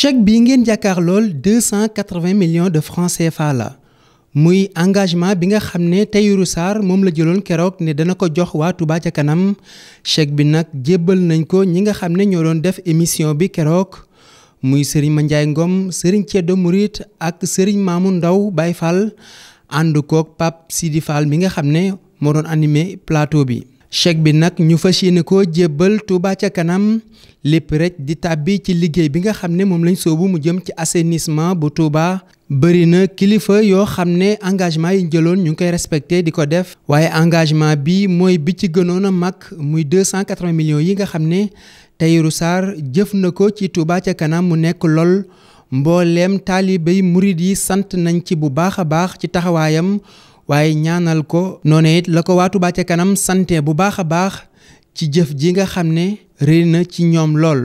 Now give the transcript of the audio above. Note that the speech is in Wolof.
chèque bii ngeen jàkkaar lool deux cent quatre-vingts millions de francs CFA la muy engagement bi nga xam ne Tahirou Sarr moom la jëloon keroog ne dana ko jox waatu baa ca kanam check bi nag jébbal nañ ko ñi nga xam ne ñoo doon def émission bi keroog muy Serigne Mandiaye Ngom Serigne Ceddo Mouride ak Serigne Mamou Ndaw Baye Fall ànd koog Pape Sidi Fall mi nga xam ne moo doon animé plateau bi. chèque bi nag ñu fas yéene koo jébbal Touba ca kanam lépp rek di tàbbi ci liggéey bi nga xam ne moom lañ soobu mu jëm ci assainissement bu Touba. bëri na kilifa yoo xam ne engagement yi jëloon ñu ngi koy respecté di ko def waaye engagement bi mooy bi ci gënoon a mag muy 280 millions yi nga xam ne Tahirou Sarr jëf na ko ci Touba ca kanam mu nekk lool mbooleem taalibéy murit yi sant nañ ci bu baax a baax ci taxawaayam. waaye ñaanal ko noonu it la ko waatu Touba ca kanam sante bu baax a baax ci jëf ji nga xam ne réy na ci ñoom lool